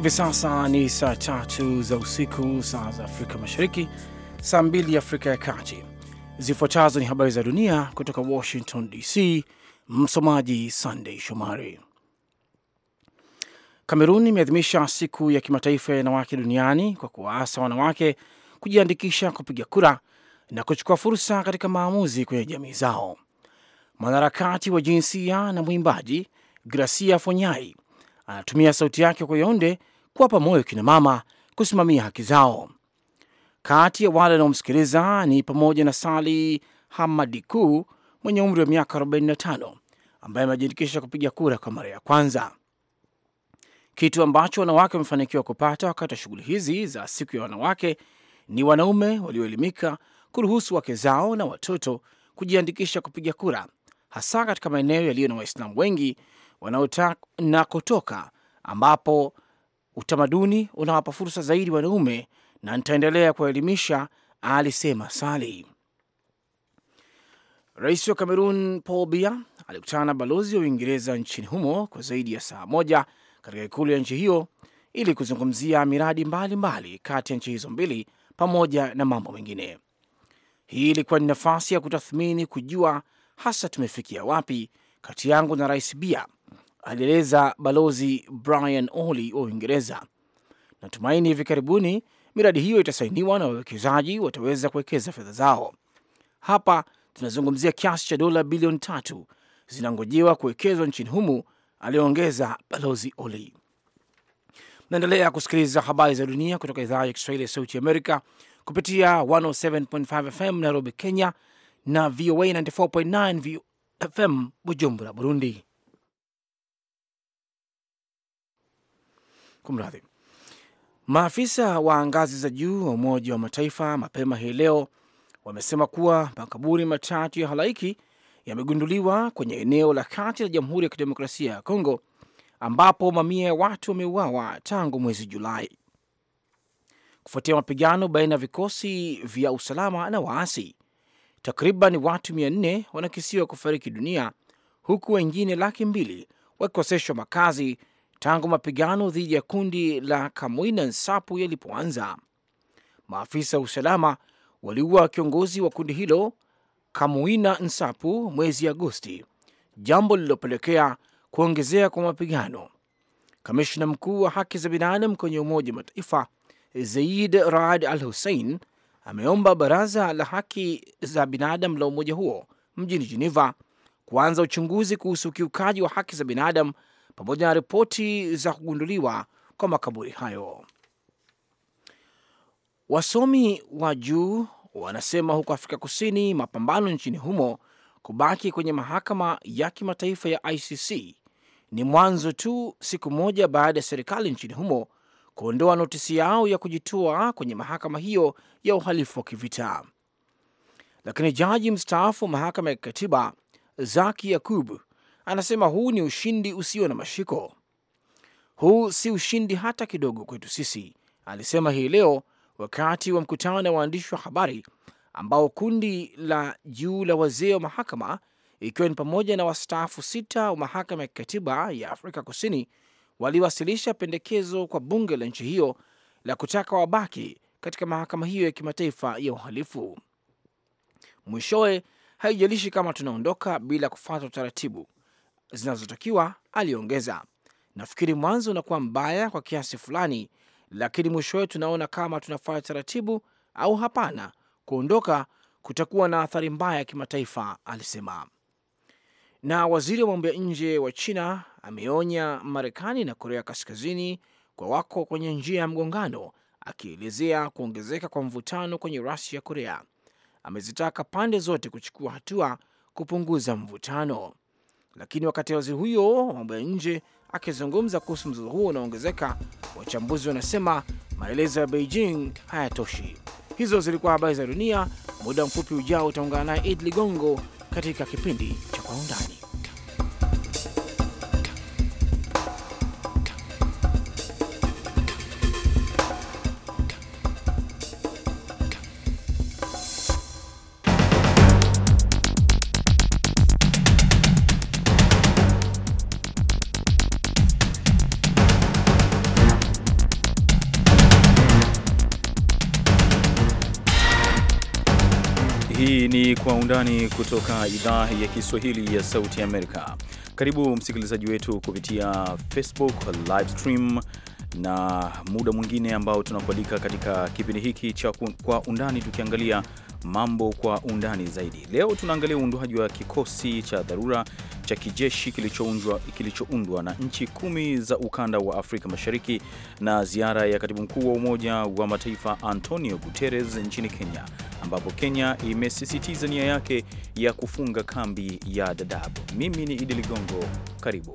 Hivi sasa ni saa tatu za usiku, saa za Afrika Mashariki, saa mbili Afrika ya Kati. Zifuatazo ni habari za dunia kutoka Washington DC. Msomaji Sandey Shomari. Kamerun imeadhimisha siku ya kimataifa ya wanawake duniani kwa kuwaasa wanawake kujiandikisha kupiga kura na kuchukua fursa katika maamuzi kwenye jamii zao. Mwanaharakati wa jinsia na mwimbaji Gracia Fonyai anatumia sauti yake kwa Yaunde kuwapa moyo kina mama kusimamia haki zao. Kati ya wale wanaomsikiliza ni pamoja na Sali Hamadiku mwenye umri wa miaka 45 ambaye amejiandikisha kupiga kura kwa mara ya kwanza. Kitu ambacho wanawake wamefanikiwa kupata wakati wa shughuli hizi za siku ya wanawake ni wanaume walioelimika kuruhusu wake zao na watoto kujiandikisha kupiga kura, hasa katika maeneo yaliyo na Waislamu wengi wanaotaka na kutoka ambapo utamaduni unawapa fursa zaidi wanaume na nitaendelea kuwaelimisha, alisema Sali. Rais wa Kamerun Paul bia alikutana na balozi wa Uingereza nchini humo kwa zaidi ya saa moja katika ikulu ya nchi hiyo ili kuzungumzia miradi mbalimbali kati ya nchi hizo mbili pamoja na mambo mengine. Hii ilikuwa ni nafasi ya kutathmini, kujua hasa tumefikia wapi kati yangu na Rais bia alieleza Balozi Brian Orley wa Uingereza. Natumaini hivi karibuni miradi hiyo itasainiwa na wawekezaji wataweza kuwekeza fedha zao hapa. Tunazungumzia kiasi cha dola bilioni tatu zinangojewa kuwekezwa nchini humu, aliyoongeza Balozi oli Naendelea kusikiliza habari za dunia kutoka idhaa ya Kiswahili ya Sauti Amerika kupitia 107.5 FM Nairobi, Kenya na VOA 94.9 FM Bujumbura, Burundi. Kumradhi, maafisa wa ngazi za juu wa Umoja wa Mataifa mapema hii leo wamesema kuwa makaburi matatu ya halaiki yamegunduliwa kwenye eneo la kati la Jamhuri ya Kidemokrasia ya Kongo ambapo mamia ya watu wameuawa tangu mwezi Julai kufuatia mapigano baina ya vikosi vya usalama na waasi. Takriban watu mia nne wanakisiwa kufariki dunia huku wengine laki mbili wakikoseshwa makazi tangu mapigano dhidi ya kundi la Kamwina Nsapu yalipoanza. Maafisa wa usalama waliua kiongozi wa kundi hilo Kamwina Nsapu mwezi Agosti, jambo lililopelekea kuongezea kwa mapigano. Kamishna mkuu wa haki za binadamu kwenye Umoja wa Mataifa zaid Raad Al Hussein ameomba baraza la haki za binadamu la umoja huo mjini Geneva kuanza uchunguzi kuhusu ukiukaji wa haki za binadamu pamoja na ripoti za kugunduliwa kwa makaburi hayo. Wasomi wa juu wanasema huko Afrika Kusini, mapambano nchini humo kubaki kwenye mahakama ya kimataifa ya ICC ni mwanzo tu, siku moja baada ya serikali nchini humo kuondoa notisi yao ya kujitoa kwenye mahakama hiyo ya uhalifu wa kivita. Lakini jaji mstaafu mahakama ya kikatiba Zaki Yakub anasema huu ni ushindi usio na mashiko. Huu si ushindi hata kidogo kwetu sisi, alisema hii leo wakati wa mkutano na waandishi wa habari ambao kundi la juu la wazee wa mahakama ikiwa ni pamoja na wastaafu sita wa mahakama ya kikatiba ya Afrika Kusini waliwasilisha pendekezo kwa bunge la nchi hiyo la kutaka wabaki katika mahakama hiyo ya kimataifa ya uhalifu. Mwishowe, haijalishi kama tunaondoka bila kufuata utaratibu, zinazotakiwa, aliongeza. Nafikiri mwanzo unakuwa mbaya kwa kiasi fulani, lakini mwishowe tunaona kama tunafanya taratibu au hapana. Kuondoka kutakuwa na athari mbaya ya kimataifa, alisema. Na waziri wa mambo ya nje wa China ameonya Marekani na Korea Kaskazini kwa wako kwenye njia ya mgongano, akielezea kuongezeka kwa mvutano kwenye rasi ya Korea. Amezitaka pande zote kuchukua hatua kupunguza mvutano. Lakini wakati waziri huyo wa mambo ya nje akizungumza kuhusu mzozo huo unaoongezeka wachambuzi wanasema maelezo ya Beijing hayatoshi. Hizo zilikuwa habari za dunia. Muda mfupi ujao utaungana naye Id Ligongo katika kipindi cha Kwa Undani. undani kutoka idhaa ya Kiswahili ya Sauti Amerika. Karibu msikilizaji wetu kupitia Facebook live stream na muda mwingine ambao tunakualika katika kipindi hiki cha Kwa Undani, tukiangalia mambo kwa undani zaidi. Leo tunaangalia uundwaji wa kikosi cha dharura cha kijeshi kilichoundwa kilicho na nchi kumi za ukanda wa Afrika Mashariki na ziara ya katibu mkuu wa Umoja wa Mataifa Antonio Guterres nchini Kenya, ambapo Kenya imesisitiza nia yake ya kufunga kambi ya Dadaab. Mimi ni Idi Ligongo, karibu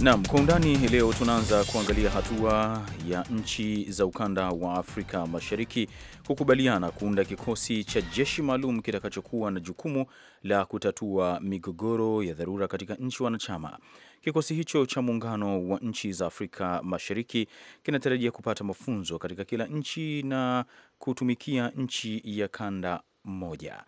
Naam, kwa undani leo tunaanza kuangalia hatua ya nchi za ukanda wa Afrika Mashariki kukubaliana kuunda kikosi cha jeshi maalum kitakachokuwa na jukumu la kutatua migogoro ya dharura katika nchi wanachama. Kikosi hicho cha muungano wa nchi za Afrika Mashariki kinatarajia kupata mafunzo katika kila nchi na kutumikia nchi ya kanda moja.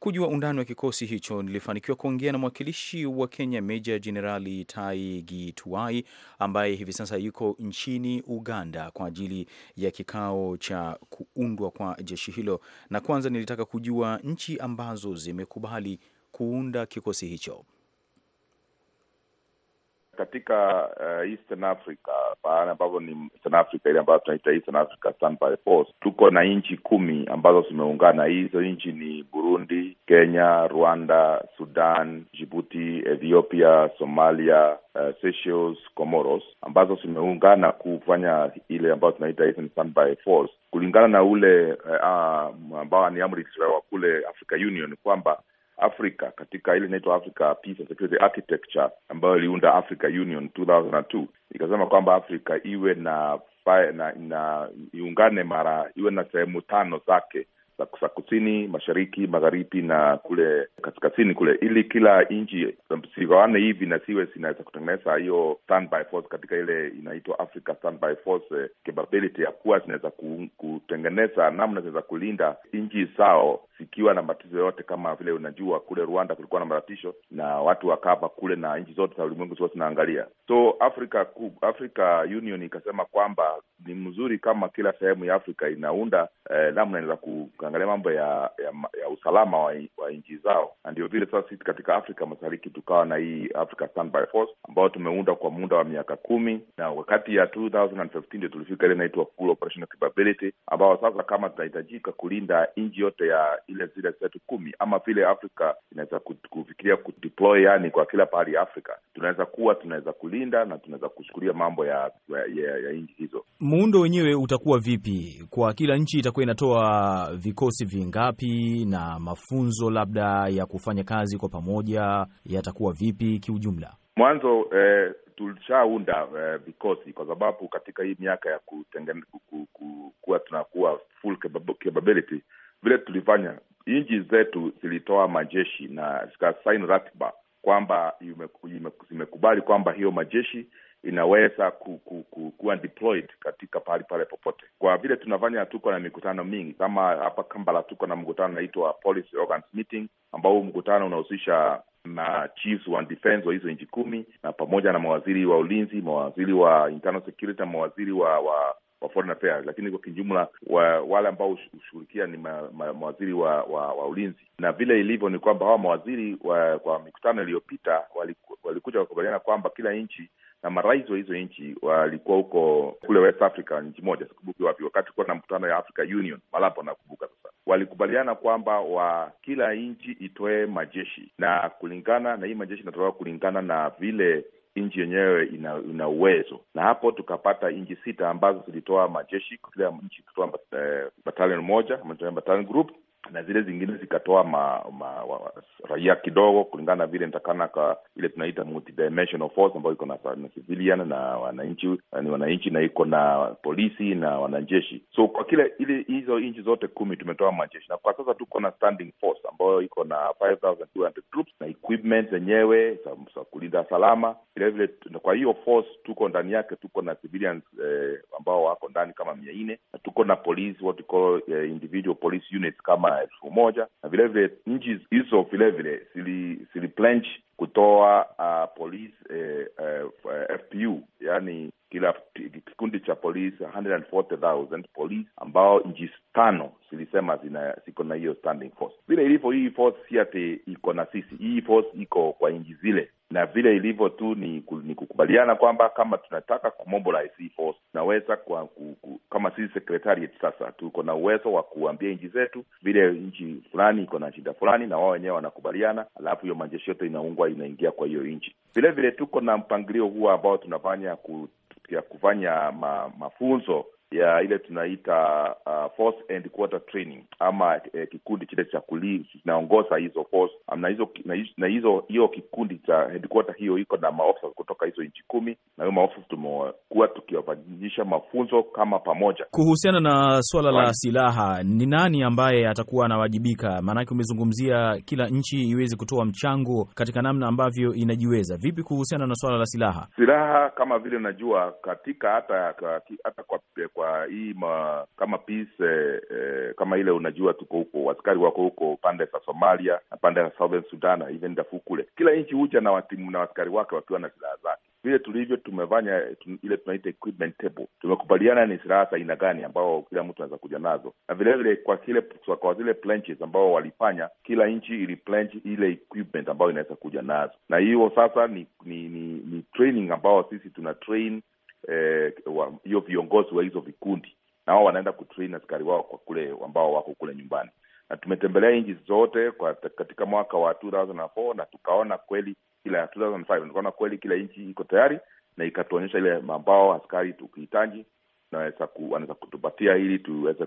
Kujua undani wa kikosi hicho, nilifanikiwa kuongea na mwakilishi wa Kenya Meja Jenerali Tai Gituai ambaye hivi sasa yuko nchini Uganda kwa ajili ya kikao cha kuundwa kwa jeshi hilo, na kwanza nilitaka kujua nchi ambazo zimekubali kuunda kikosi hicho katika uh, Eastern Africa pahali ambapo ni Eastern Africa ile ambayo tunaita Eastern Africa Standby Force, tuko na nchi kumi ambazo zimeungana. Hizo nchi ni Burundi, Kenya, Rwanda, Sudan, Djibouti, Ethiopia, Somalia, uh, Seychelles, Comoros ambazo zimeungana kufanya ile ambayo tunaita Eastern Standby Force kulingana na ule uh, uh ambao ni amri wa kule Africa Union kwamba Afrika katika ile inaitwa Africa Peace and Security Architecture ambayo iliunda Africa Union 2002 ikasema kwamba Afrika iwe na na, na iungane mara iwe na sehemu tano zake za kusini, mashariki, magharibi na kule kaskazini kule, ili kila nchi sigawane hivi na siwe zinaweza kutengeneza hiyo standby force katika ile inaitwa Africa standby force eh, capability, ya kuwa zinaweza kutengeneza namna zinaweza kulinda nchi zao zikiwa na matatizo yote. Kama vile unajua, kule Rwanda kulikuwa na matatisho na watu wakava kule, na nchi zote za ulimwengu zinaangalia. So Africa Africa Union ikasema kwamba ni mzuri kama kila sehemu ya Afrika inaunda eh, namna za kuangalia mambo ya, ya ya usalama wa, wa nchi zao, na ndio vile sasa sisi katika Afrika Mashariki tukawa na hii Africa Standby Force ambayo tumeunda kwa muda wa miaka kumi, na wakati ya 2015 ndio tulifika ile inaitwa full operational capability, ambao sasa kama tunahitajika kulinda nchi yote ya ile zile zetu kumi ama vile Afrika inaweza kufikiria kudeploy, yani kwa kila pahali ya Afrika tunaweza kuwa tunaweza kulinda na tunaweza kushughulia mambo ya, ya, ya, ya nchi hizo muundo wenyewe utakuwa vipi? Kwa kila nchi itakuwa inatoa vikosi vingapi, na mafunzo labda ya kufanya kazi kwa pamoja yatakuwa vipi kiujumla? Mwanzo eh, tulishaunda eh, vikosi kwa sababu katika hii miaka ya kutengeneza kuwa tunakuwa full capability, vile tulifanya nchi zetu zilitoa majeshi na zikasaini ratiba kwamba zimekubali kwamba hiyo majeshi inaweza ku, ku, ku, kuwa deployed katika pahali pale popote. Kwa vile tunafanya tuko na mikutano mingi, kama hapa Kampala tuko na mkutano unaitwa Policy Organs Meeting, ambao huu mkutano unahusisha na chiefs wa defense wa hizo nchi kumi na pamoja na mawaziri wa ulinzi, mawaziri wa internal security na mawaziri wa, wa wa foreign affairs, lakini kwa kijumla wa, wale ambao hushughulikia ni ma, ma, mawaziri wa, wa, wa ulinzi. Na vile ilivyo ni kwamba hawa mawaziri wa, kwa mikutano iliyopita walikuja walikuja wakubaliana kwamba kila nchi na marais wa hizo nchi walikuwa huko kule West Africa, nchi moja sikumbuki wapi, wakati kuwa na mkutano ya Africa Union malapo, nakumbuka sasa, walikubaliana kwamba wa kila nchi itoe majeshi na kulingana na hii majeshi inatolewa kulingana na vile nchi yenyewe ina, ina uwezo na hapo tukapata nchi sita ambazo zilitoa majeshi, kila nchi kutoa eh, batalion moja batalion group na zile zingine zikatoa ma, ma, wa, raia kidogo kulingana na vile nitakana ka ile tunaita multidimensional force ambayo iko na na civilian na wananchi ni wananchi na iko na polisi na wanajeshi. So kwa kile ili hizo nchi zote kumi tumetoa majeshi, na kwa sasa tuko na standing force ambayo iko na 5200 troops na equipment zenyewe za kulinda salama vilevile. Kwa hiyo force tuko ndani yake tuko na civilians eh, ambao wako ndani kama mia nne na tuko na police what we call, eh, individual police units kama elfu moja na vilevile nchi hizo vilevile ziliplench kutoa uh, polisi eh, eh, eh FPU yani kila kikundi cha polisi polisi ambao nchi tano zilisema ziko na hiyo standing force. Vile ilivyo hii force si ati iko na sisi, hii force iko kwa nchi zile na vile ilivyo tu ni, ni kukubaliana kwamba kama tunataka kumobilize force tunaweza kwa, ku, ku, kama sisi secretariat sasa tuko na uwezo wa kuambia nchi zetu vile nchi fulani iko na shida fulani, na wao wenyewe wanakubaliana, alafu hiyo majeshi yote inaungwa inaingia kwa hiyo nchi. Vile vile tuko na mpangilio huo ambao tunafanya ku, ya kufanya ma, mafunzo ya ile tunaita uh, force and quarter training ama eh, kikundi kile cha kinaongoza hizo force um, na hizo na hizo hiyo kikundi cha headquarter hiyo iko na maofisa kutoka hizo nchi kumi, na hiyo maofisa tumekuwa tukiwafanyisha mafunzo kama pamoja. Kuhusiana na suala la silaha, ni nani ambaye atakuwa anawajibika? Maanake umezungumzia kila nchi iweze kutoa mchango katika namna ambavyo inajiweza. Vipi kuhusiana na swala la silaha? Silaha kama vile unajua katika hata hata kwa kwa hii ma, kama peace eh, kama ile unajua, tuko huko, askari wako huko pande za Somalia na pande za Southern Sudan, even Darfur kule, kila nchi huja na watimu na askari wake wakiwa na silaha zake vile tulivyo tumefanya eh, tum, ile tunaita equipment table. Tumekubaliana ni silaha za aina gani ambao kila mtu anaweza kuja nazo, na vilevile kwa kile kwa zile planches ambao walifanya, kila nchi ili planch ile equipment ambayo inaweza kuja nazo, na hiyo sasa ni ni, ni ni training ambao sisi tuna train eh, hiyo viongozi wa hizo vikundi, na wao wanaenda kutrain askari wao kwa kule ambao wako kule nyumbani. Na tumetembelea nchi zote kwa katika mwaka wa 2004 na tukaona kweli kila 2005 tukaona kweli kila nchi iko tayari na ikatuonyesha ile mambao askari tukihitaji wanaweza kutupatia ili tuweze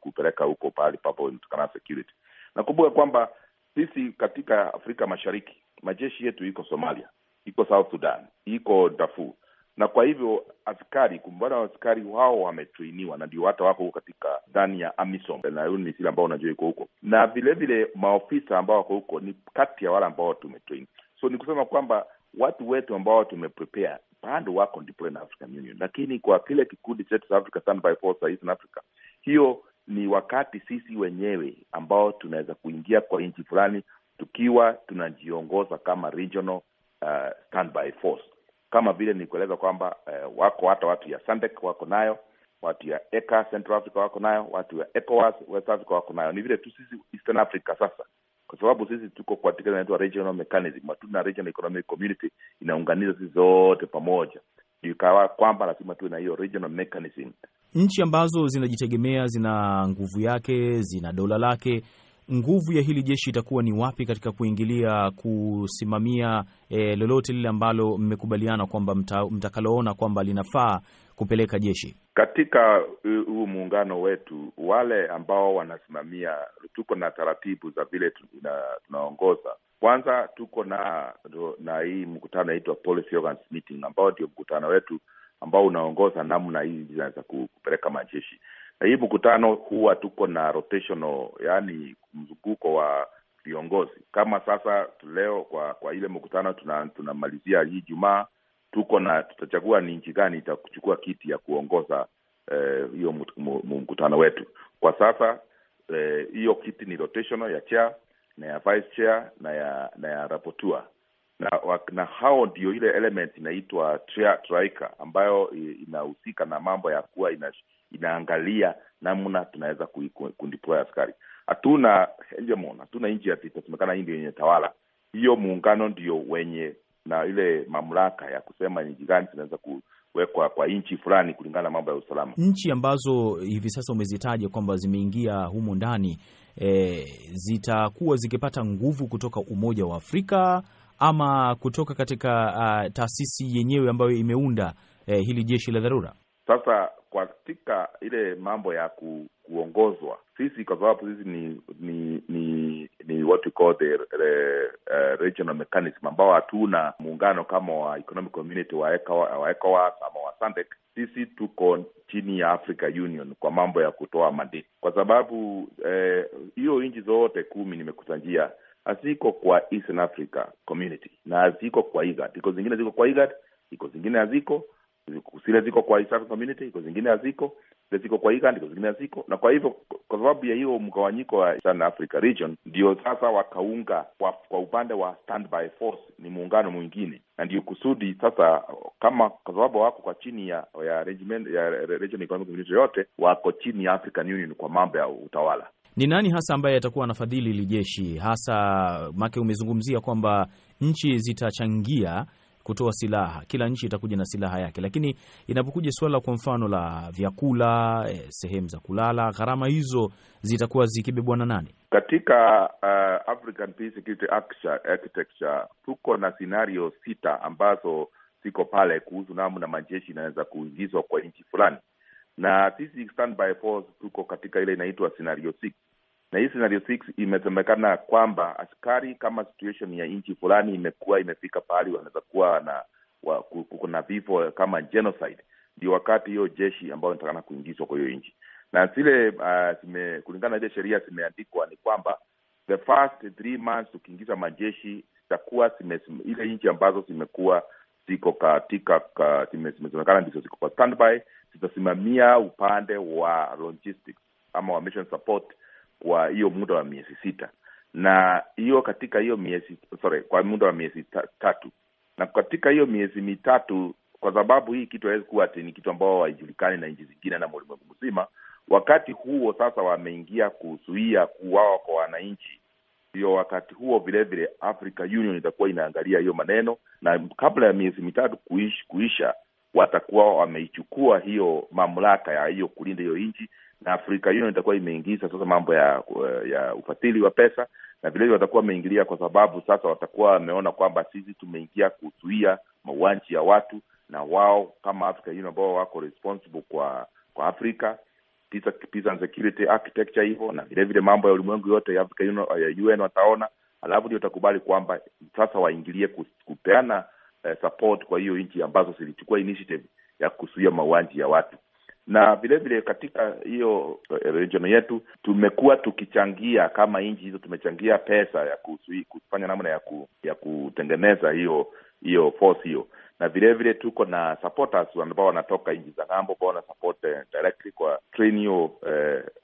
kupeleka huko pahali papo inatakana security. Nakumbuka kwamba sisi katika Afrika Mashariki majeshi yetu iko Somalia, iko South Sudan, iko dafur na kwa hivyo askari kumbana, askari wao wametuiniwa na ndio hata wako katika ndani ya AMISOM na hiyo ni misili ambao unajua iko huko, na vilevile maofisa ambao wako huko ni kati ya wale ambao tumetrain. So ni kusema kwamba watu wetu ambao tumeprepare bado wako na African Union, lakini kwa kile kikundi chetu cha Africa Standby Force Eastern Africa, hiyo ni wakati sisi wenyewe ambao tunaweza kuingia kwa nchi fulani tukiwa tunajiongoza kama regional uh, standby force kama vile nilikueleza kwamba eh, wako hata watu ya Sandek wako nayo, watu ya Eka, Central Africa wako nayo, watu ya ECOWAS West Africa wako nayo. Ni vile tu sisi Eastern Africa sasa, kwa sababu sisi tuko katika inaitwa regional mechanism, watu na regional economic community inaunganiza sisi zote pamoja, ikawa kwamba lazima tuwe na hiyo regional mechanism. Nchi ambazo zinajitegemea zina nguvu yake, zina dola lake nguvu ya hili jeshi itakuwa ni wapi katika kuingilia kusimamia e, lolote lile ambalo mmekubaliana kwamba mtakaloona kwamba linafaa kupeleka jeshi katika huu muungano wetu? Wale ambao wanasimamia, tuko na taratibu za vile tunaongoza. Kwanza tuko na na hii mkutano naitwa policy organs meeting, ambao ndio mkutano wetu ambao unaongoza namna hii zinaweza kupeleka majeshi hii mkutano huwa tuko na rotational, yaani mzunguko wa viongozi. Kama sasa leo kwa kwa ile mkutano tunamalizia tuna hii Jumaa, tuko na tutachagua ni nchi gani itachukua kiti ya kuongoza eh, hiyo eh, mkutano wetu. Kwa sasa eh, hiyo eh, kiti ni rotational ya chair na ya vice chair na ya na ya rapotua na, na hao ndio ile element inaitwa ambayo inahusika na mambo ya kuwa inash, inaangalia namna tunaweza kudeploy askari. Hatuna hegemon, hatuna nchi ya vita, tumekana hii ndio yenye tawala. Hiyo muungano ndio wenye na ile mamlaka ya kusema nchi gani zinaweza kuwekwa kwa nchi fulani kulingana na mambo ya usalama. Nchi ambazo hivi sasa umezitaja kwamba zimeingia humo ndani e, zitakuwa zikipata nguvu kutoka Umoja wa Afrika ama kutoka katika uh, taasisi yenyewe ambayo imeunda eh, hili jeshi la dharura. Sasa katika ile mambo ya ku, kuongozwa sisi kwa sababu sisi ni ni ni ni what we call the uh, regional mechanism ambao hatuna muungano kama wa economic community wa ECOWAS ama wa SADC. Sisi tuko chini ya Africa Union kwa mambo ya kutoa madini, kwa sababu eh, hiyo eh, nchi zote kumi nimekutajia haziko kwa Eastern Africa Community na haziko kwa IGAD. Iko zingine ziko kwa IGAD, iko zingine haziko zile ziko kwa East African Community, iko zingine haziko, zile ziko kwa IGAD, iko zingine haziko. Na kwa hivyo, kwa sababu ya hiyo mgawanyiko wa Eastern Africa region, ndio sasa wakaunga kwa, kwa upande wa standby force, ni muungano mwingine, na ndio kusudi sasa, kama kwa sababu wako kwa chini ya ya regiment, ya Region Economic Community yote wako chini ya African Union kwa mambo ya utawala. Ni nani hasa ambaye atakuwa anafadhili lijeshi jeshi hasa? Make umezungumzia kwamba nchi zitachangia kutoa silaha. Kila nchi itakuja na silaha yake, lakini inapokuja suala kwa mfano la vyakula, eh, sehemu za kulala, gharama hizo zitakuwa zikibebwa na nani? Katika uh, African Peace Security Architecture tuko na scenario sita ambazo ziko pale kuhusu namna majeshi inaweza kuingizwa kwa nchi fulani, na sisi standby force tuko katika ile inaitwa scenario six na hii scenario six imesemekana kwamba askari, kama situation ya nchi fulani imekuwa imefika pahali wanaweza kuwa na wa, kuna vifo kama genocide, ndio wakati hiyo jeshi ambayo inatakana kuingizwa kwa hiyo nchi na zile uh, kulingana na ile sheria zimeandikwa ni kwamba the first three months tukiingiza majeshi zitakuwa ile nchi ambazo zimekuwa ziko katika zimesemekana ndizo ziko kwa standby zitasimamia upande wa logistics ama wa mission support kwa hiyo muda wa miezi sita na hiyo katika hiyo miezi sorry, kwa muda wa miezi ta, tatu na katika hiyo miezi mitatu, kwa sababu hii kitu hawezi kuwa ati ni kitu ambao haijulikani na nchi zingine na mulimwengu mzima. Wakati huo sasa wameingia kuzuia kuuawa kwa wananchi, ndio wakati huo vilevile Africa Union itakuwa inaangalia hiyo maneno, na kabla ya miezi mitatu kuish, kuisha watakuwa wameichukua hiyo mamlaka ya hiyo kulinda hiyo nchi na Afrika Union itakuwa imeingiza sasa mambo ya ya ufadhili wa pesa, na vilevile watakuwa wameingilia kwa sababu sasa watakuwa wameona kwamba sisi tumeingia kuzuia mauanji ya watu, na wao kama Africa Union ambao wako responsible kwa kwa Afrika Peace, Peace and Security Architecture na vilevile mambo ya ulimwengu yote ya Africa UN wataona, alafu ndio watakubali kwamba sasa waingilie kupeana eh, support kwa hiyo nchi ambazo zilichukua initiative ya kuzuia mauanji ya watu na vile vile katika hiyo eh, region yetu tumekuwa tukichangia kama nchi hizo, tumechangia pesa ya kufanya namna ya ku, ya kutengeneza hiyo hiyo force hiyo, na vilevile tuko na supporters ambao wanatoka nchi za ng'ambo ambao wana support eh, directly kwa train hiyo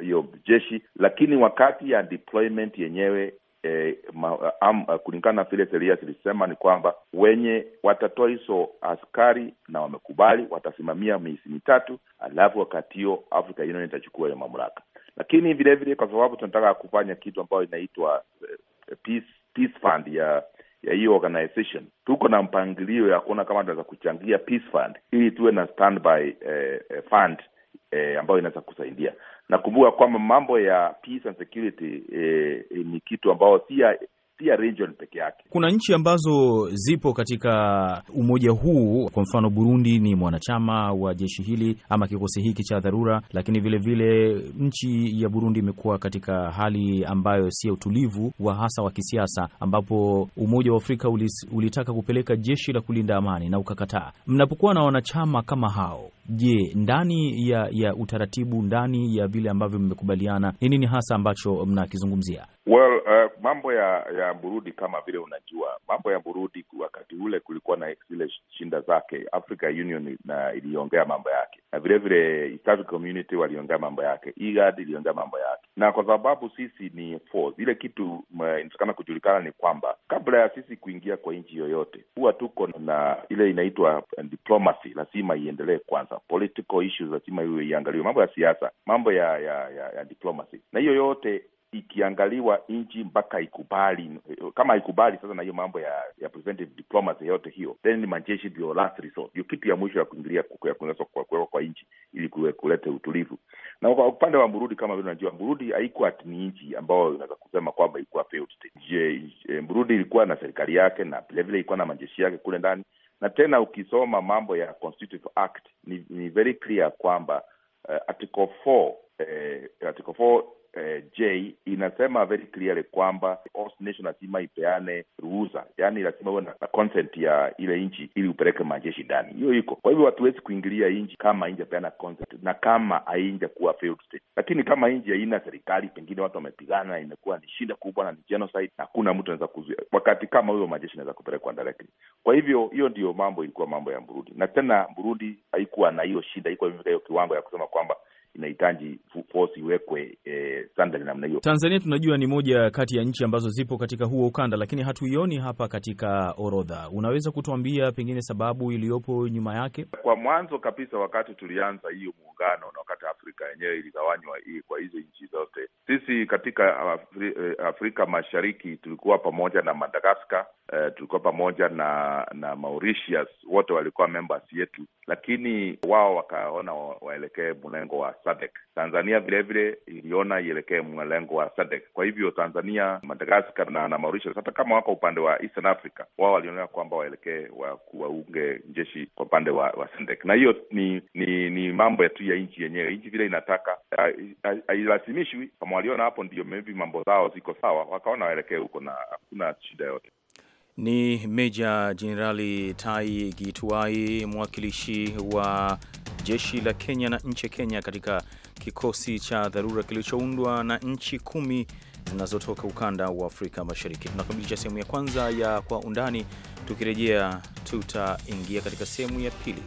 eh, jeshi, lakini wakati ya deployment yenyewe eh, ma, am, eh, kulingana na vile sheria zilisema ni kwamba wenye watatoa hizo askari na wamekubali, watasimamia miezi mitatu, alafu wakati hiyo Africa Union itachukua hiyo mamlaka. Lakini vile vile kwa sababu tunataka kufanya kitu ambayo inaitwa eh, peace, peace fund ya ya hiyo organization tuko na mpangilio ya kuona kama tunaweza kuchangia peace fund ili tuwe na standby eh, eh fund eh, ambayo inaweza kusaidia. Nakumbuka kwamba mambo ya peace and security eh, eh, ni kitu ambayo si ya ya region peke yake. Kuna nchi ambazo zipo katika umoja huu, kwa mfano Burundi ni mwanachama wa jeshi hili ama kikosi hiki cha dharura, lakini vilevile vile, nchi ya Burundi imekuwa katika hali ambayo si ya utulivu wa hasa wa kisiasa, ambapo Umoja wa Afrika ulis, ulitaka kupeleka jeshi la kulinda amani na ukakataa. Mnapokuwa na wanachama kama hao, je, ndani ya ya utaratibu, ndani ya vile ambavyo mmekubaliana, ni nini hasa ambacho mnakizungumzia? Well, uh, mambo ya ya Burundi kama vile unajua, mambo ya Burundi wakati ule kulikuwa na zile shinda zake, Africa Union na iliongea mambo yake, na vile vile East African Community waliongea mambo yake, IGAD iliongea mambo yake, na kwa sababu sisi ni force, ile kitu uh, inatakana kujulikana ni kwamba kabla ya sisi kuingia kwa nchi yoyote, huwa tuko na ile inaitwa diplomacy, lazima iendelee kwanza, political issues lazima iwe iangaliwe, mambo ya siasa, mambo ya ya, ya, ya diplomacy, na hiyo yote ikiangaliwa nchi mpaka ikubali. Kama haikubali sasa, na hiyo mambo ya ya preventive diplomacy yote hiyo, then ni majeshi ndio last resort, ndio kitu ya mwisho ya kuingilia kuwekwa kwa, kwa, kwa nchi ili kuleta utulivu. Na kwa upande wa Burundi, kama vile unajua, Burundi haikuwa ni nchi ambayo unaweza kusema kwamba ilikuwa failed eh, ilikuwa na serikali yake na vilevile ilikuwa na majeshi yake kule ndani, na tena ukisoma mambo ya Constitutive Act ni, ni very clear kwamba uh, article 4 uh, eh, article 4 eh, J inasema very clearly kwamba nation lazima ipeane ruhusa, yani lazima uwe na consent ya ile nchi ili upeleke majeshi ndani. Hiyo iko kwa hivyo, hatuwezi kuingilia nchi kama nchi apeana consent na kama ainja kuwa failed state. Lakini kama nchi haina serikali, pengine watu wamepigana, imekuwa ni shida kubwa na ni genocide, hakuna mtu anaweza kuzuia, wakati kama huyo majeshi anaweza kupelekwa directly. Kwa hivyo hiyo ndiyo mambo ilikuwa mambo ya Burundi, na tena Burundi haikuwa na hiyo shida, iko imefika hiyo kiwango ya kusema kwamba inahitaji force iwekwe e, standard namna hiyo. Tanzania tunajua ni moja kati ya nchi ambazo zipo katika huo ukanda, lakini hatuioni hapa katika orodha. Unaweza kutuambia pengine sababu iliyopo nyuma yake? Kwa mwanzo kabisa, wakati tulianza hiyo muungano na wakati Afrika yenyewe iligawanywa kwa hizo nchi zote, sisi katika Afri, eh, Afrika Mashariki tulikuwa pamoja na Madagaskar, uh, eh, tulikuwa pamoja na na Mauritius, wote walikuwa members yetu, lakini wao wakaona waelekee mlengo wa SADC. Tanzania vilevile iliona ielekee mlengo wa SADC. Kwa hivyo Tanzania, Madagaskar na, na Mauritius hata kama wako upande wa Eastern Africa, wao walionea kwamba waelekee wa kuwaunge jeshi kwa upande wa, wa SADC, na hiyo ni ni, ni mambo tu ya nchi yenyewe. Nchi vile inataka hailazimishwi, kama waliona hapo, ndio maybe mambo zao ziko sawa, wakaona waelekee huko na hakuna shida yote. Ni Meja Jenerali Tai Gituai, mwakilishi wa jeshi la Kenya na nchi ya Kenya katika kikosi cha dharura kilichoundwa na nchi kumi zinazotoka ukanda wa Afrika Mashariki. Tunakamilisha sehemu ya kwanza ya Kwa Undani. Tukirejea tutaingia katika sehemu ya pili.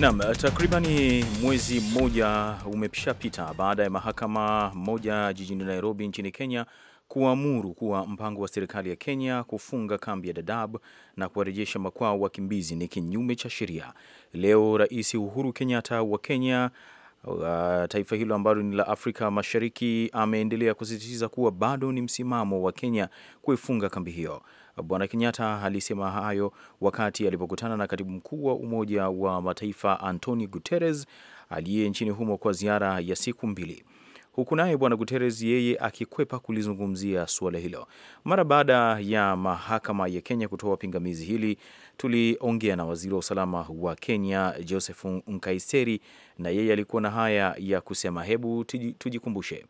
Naam, eh, takribani mwezi mmoja umeshapita baada ya mahakama moja jijini Nairobi nchini Kenya kuamuru kuwa mpango wa serikali ya Kenya kufunga kambi ya Dadaab na kuwarejesha makwao wakimbizi ni kinyume cha sheria. Leo Rais Uhuru Kenyatta wa Kenya Uh, taifa hilo ambalo ni la Afrika Mashariki ameendelea kusisitiza kuwa bado ni msimamo wa Kenya kuifunga kambi hiyo. Bwana Kenyatta alisema hayo wakati alipokutana na katibu mkuu wa Umoja wa Mataifa Antoni Guterres aliye nchini humo kwa ziara ya siku mbili huku naye Bwana Guterres yeye akikwepa kulizungumzia suala hilo. Mara baada ya mahakama ya Kenya kutoa pingamizi hili, tuliongea na waziri wa usalama wa Kenya Joseph Nkaiseri, na yeye alikuwa na haya ya kusema. Hebu tujikumbushe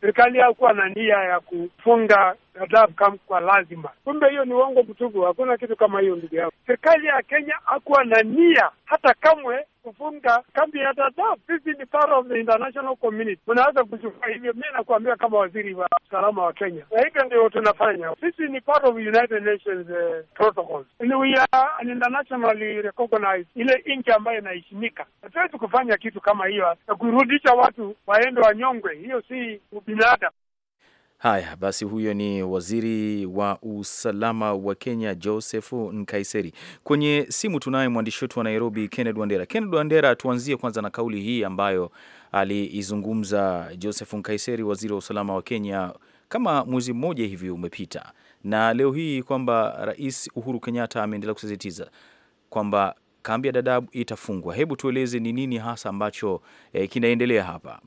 serikali hakuwa na nia ya kufunga Dadaab Camp kwa lazima. Kumbe hiyo ni uongo mtupu, hakuna kitu kama hiyo ndugu yangu. Serikali ya Kenya hakuwa na nia hata kamwe kufunga kambi ya Dadaab. Sisi ni part of the international community, unaweza kuchukua hivyo. Mi nakuambia kama waziri wa usalama wa Kenya, na hivyo ndio tunafanya sisi. Ni part of United Nations uh, protocols, ni we are an internationally recognized, ile nchi ambayo inaheshimika. Hatuwezi kufanya kitu kama hiyo na kurudisha watu waende wanyongwe, hiyo si ubinadamu. Haya basi, huyo ni waziri wa usalama wa Kenya Josefu Nkaiseri. Kwenye simu tunaye mwandishi wetu wa Nairobi Kenneth Wandera. Kenneth Wandera, tuanzie kwanza na kauli hii ambayo aliizungumza Josefu Nkaiseri, waziri wa usalama wa Kenya, kama mwezi mmoja hivi umepita, na leo hii kwamba Rais Uhuru Kenyatta ameendelea kusisitiza kwamba kambi ya Dadaab itafungwa. Hebu tueleze ni nini hasa ambacho eh, kinaendelea hapa?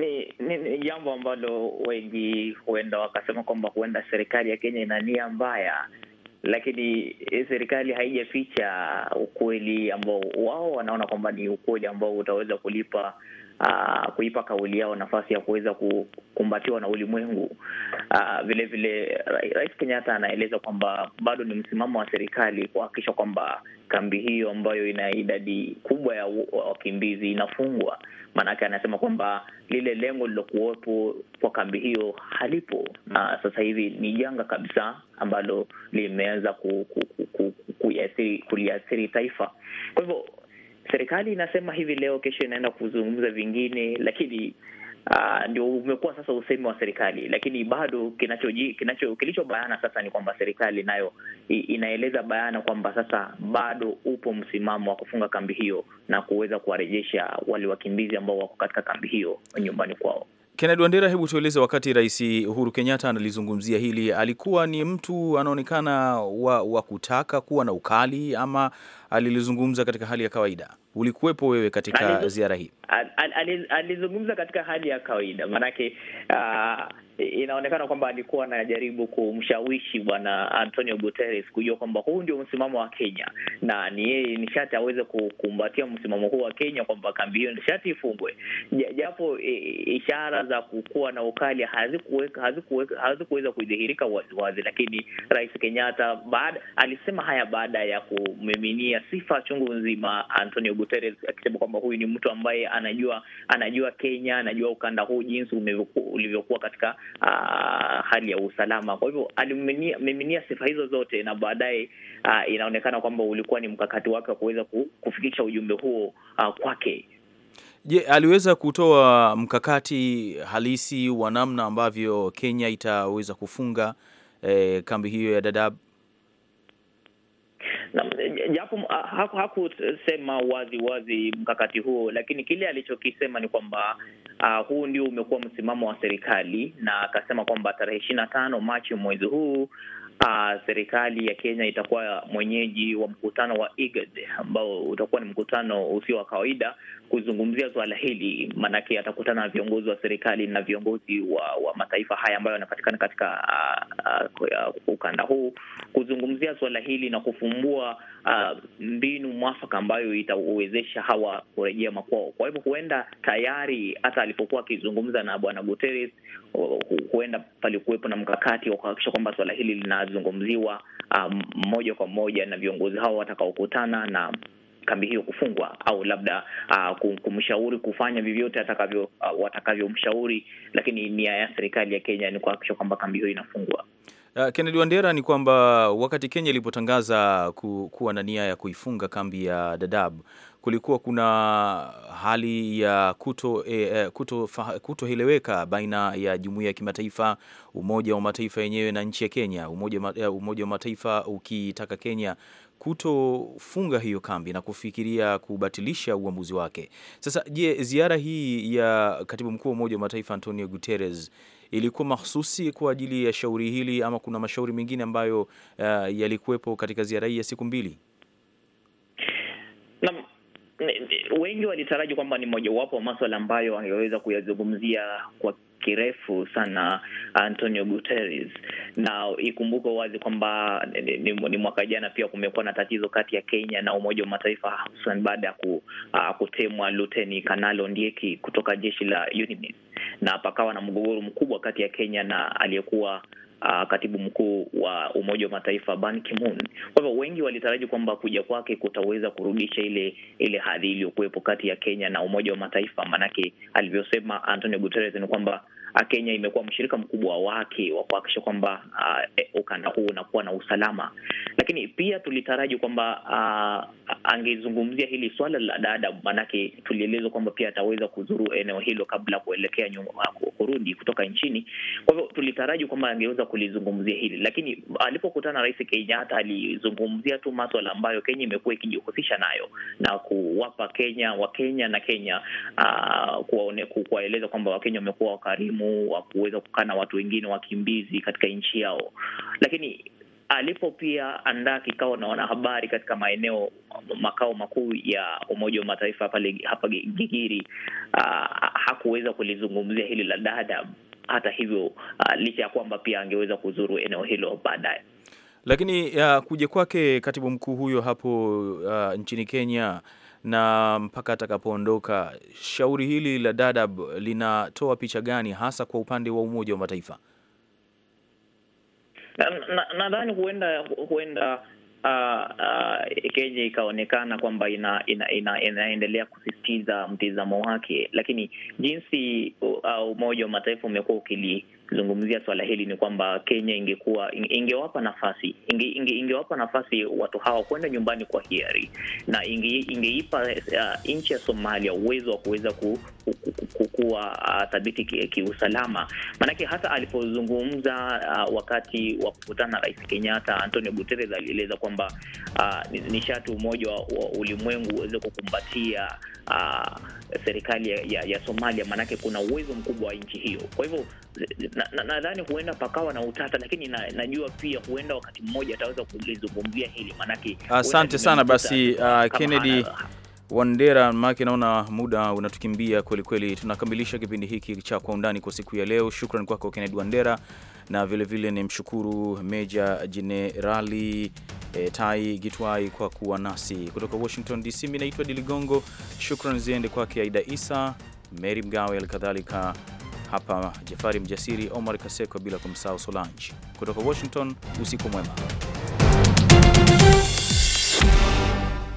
Ni, ni, ni jambo ambalo wengi huenda wakasema kwamba huenda serikali ya Kenya ina nia mbaya, lakini serikali haijaficha ukweli ambao wao wanaona kwamba ni ukweli ambao utaweza kulipa Uh, kuipa kauli yao nafasi ya kuweza kukumbatiwa na ulimwengu. Vilevile ah, vile Rais Kenyatta anaeleza kwamba bado ni msimamo wa serikali kuhakikisha kwamba kambi hiyo ambayo ina idadi kubwa ya wakimbizi inafungwa maanake anasema kwamba lile lengo lilokuwepo kwa kambi hiyo halipo na sasa hivi ni janga kabisa ambalo limeweza ku, ku, ku, ku, kuliathiri, kuliathiri taifa. Kwa hivyo serikali inasema hivi leo, kesho inaenda kuzungumza vingine, lakini Ah, ndio umekuwa sasa usemi wa serikali, lakini bado kinachoji, kinacho kilicho bayana sasa ni kwamba serikali nayo inaeleza bayana kwamba sasa bado upo msimamo wa kufunga kambi hiyo na kuweza kuwarejesha wale wakimbizi ambao wako katika kambi hiyo nyumbani kwao. Kennedy Wandera, hebu tueleze, wakati Rais Uhuru Kenyatta analizungumzia hili, alikuwa ni mtu anaonekana wa, wa kutaka kuwa na ukali ama alilizungumza katika hali ya kawaida? Ulikuwepo wewe katika ziara hii? Alizungumza katika hali ya kawaida, maanake uh, inaonekana kwamba alikuwa anajaribu kumshawishi bwana Antonio Guterres kujua kwamba huu ndio msimamo wa Kenya na ni yeye nishati aweze kukumbatia msimamo huu wa Kenya kwamba kambi hiyo nishati ifungwe, japo e, e, ishara za kukuwa na ukali hazikuweza kuidhihirika waziwazi, lakini Rais Kenyatta baada alisema haya baada ya kumiminia sifa chungu nzima Antonio Guterres, akisema kwamba huyu ni mtu ambaye anajua anajua Kenya, anajua ukanda huu jinsi ulivyokuwa katika uh, hali ya usalama. Kwa hivyo alimiminia miminia sifa hizo zote, na baadaye uh, inaonekana kwamba ulikuwa ni mkakati wake wa kuweza kufikisha ujumbe huo uh, kwake. Je, aliweza kutoa mkakati halisi wa namna ambavyo Kenya itaweza kufunga eh, kambi hiyo ya Dadaab? japo ah, hakusema haku wazi wazi mkakati huo, lakini kile alichokisema ni kwamba uh, huu ndio umekuwa msimamo wa serikali, na akasema kwamba tarehe ishirini na tano Machi mwezi huu uh, serikali ya Kenya itakuwa mwenyeji wa mkutano wa IGAD ambao utakuwa ni mkutano usio wa kawaida kuzungumzia suala hili, maanake atakutana na viongozi wa serikali na viongozi wa, wa mataifa haya ambayo yanapatikana katika uh, uh, ukanda huu kuzungumzia suala hili na kufumbua uh, mbinu mwafaka ambayo itawezesha hawa kurejea makwao. Kwa hivyo huenda tayari hata alipokuwa akizungumza na bwana Guterres, uh, huenda palikuwepo na mkakati wa kuhakikisha kwamba suala hili linazungumziwa um, moja kwa moja na viongozi hao watakaokutana na kambi hiyo kufungwa au labda uh, kumshauri kufanya vyovyote atakavyo uh, watakavyomshauri, lakini nia ya serikali ya Kenya ni kuhakikisha kwamba kambi hiyo inafungwa. Uh, Kennedy Wandera, ni kwamba wakati Kenya ilipotangaza ku, kuwa na nia ya kuifunga kambi ya Dadaab kulikuwa kuna hali ya e, e, kutoeleweka kuto, kuto baina ya jumuiya ya kimataifa, Umoja wa Mataifa yenyewe na nchi ya Kenya, Umoja, e, Umoja wa Mataifa ukitaka Kenya kutofunga hiyo kambi na kufikiria kubatilisha uamuzi wake. Sasa je, ziara hii ya katibu mkuu wa Umoja wa Mataifa Antonio Guterres ilikuwa mahususi kwa ajili ya shauri hili ama kuna mashauri mengine ambayo uh, yalikuwepo katika ziara hii ya siku mbili? na wengi walitaraji kwamba ni mojawapo wa maswala ambayo angeweza kuyazungumzia kwa kirefu sana uh, Antonio Guterres, na ikumbuke wazi kwamba ni, ni, ni mwaka jana pia kumekuwa na tatizo kati ya Kenya na Umoja wa Mataifa hususan baada ya ku, uh, kutemwa Luteni Kanalo Ndieki kutoka jeshi la UNMISS na pakawa na mgogoro mkubwa kati ya Kenya na aliyekuwa Uh, katibu mkuu wa Umoja wa Mataifa Ban Ki-moon. Kwa hivyo wengi walitaraji kwamba kuja kwake kutaweza kurudisha ile ile hadhi iliyokuwepo kati ya Kenya na Umoja wa Mataifa, maanake alivyosema Antonio Guterres ni kwamba Kenya imekuwa mshirika mkubwa wake wa kuhakikisha kwamba uh, ukanda huu unakuwa na usalama, lakini pia tulitaraji kwamba uh, angezungumzia hili swala la dada, maanake tulielezwa kwamba pia ataweza kuzuru eneo hilo kabla kuelekea nyuma, kurudi kutoka nchini. Kwa hivyo tulitaraji kwamba angeweza kulizungumzia hili, lakini alipokutana Rais Kenyatta alizungumzia tu maswala ambayo Kenya imekuwa ikijihusisha nayo na kuwapa Kenya Wakenya na Kenya uh, kuwaeleza kwamba Wakenya wamekuwa wakarimu elimu, wa kuweza kukaa na watu wengine wakimbizi katika nchi yao, lakini alipo pia andaa kikao na wanahabari katika maeneo makao makuu ya Umoja wa Mataifa pale hapa Gigiri, uh, hakuweza kulizungumzia hili la Dadaab. Hata hivyo, uh, licha ya kwamba pia angeweza kuzuru eneo hilo baadaye, lakini ah, kuja kwake katibu mkuu huyo hapo uh, nchini Kenya na mpaka atakapoondoka. Shauri hili la Dadab linatoa picha gani hasa kwa upande wa Umoja wa Mataifa? Nadhani na, na huenda huenda uh, uh Kenya ikaonekana kwamba ina, ina, ina, inaendelea kusisitiza mtizamo wake, lakini jinsi uh, Umoja wa Mataifa umekuwa ukili kuzungumzia swala hili ni kwamba Kenya ingekuwa ingewapa nafasi inge, inge, ingewapa nafasi watu hawa kwenda nyumbani kwa hiari na inge, ingeipa uh, eh, nchi ya Somalia uwezo wa kuweza ku, kuwa uh, thabiti kiusalama ki maanake, hata alipozungumza uh, wakati wa kukutana na Rais Kenyatta, Antonio Guterres alieleza kwamba uh, ah, nishati umoja wa ulimwengu uweze kukumbatia uh, serikali ya, ya Somalia, maanake kuna uwezo mkubwa wa nchi hiyo. Kwa hivyo nadhani na, na huenda pakawa na utata, lakini na, najua pia huenda wakati mmoja ataweza kulizungumzia hili maanake. Asante sana basi uh, Kennedy hana, Wandera, make naona muda unatukimbia kwelikweli. Tunakamilisha kipindi hiki cha Kwa Undani kwa siku ya leo. Shukran kwako Kennedy Wandera, na vilevile ni mshukuru Meja Jenerali e, Tai Gitwai kwa kuwa nasi kutoka Washington DC. Mi naitwa Diligongo. Shukran ziende kwake Aida Isa, Mary Mgawe, alikadhalika hapa Jafari Mjasiri, Omar Kaseko, bila kumsahau Solange. Kutoka Washington, usiku mwema.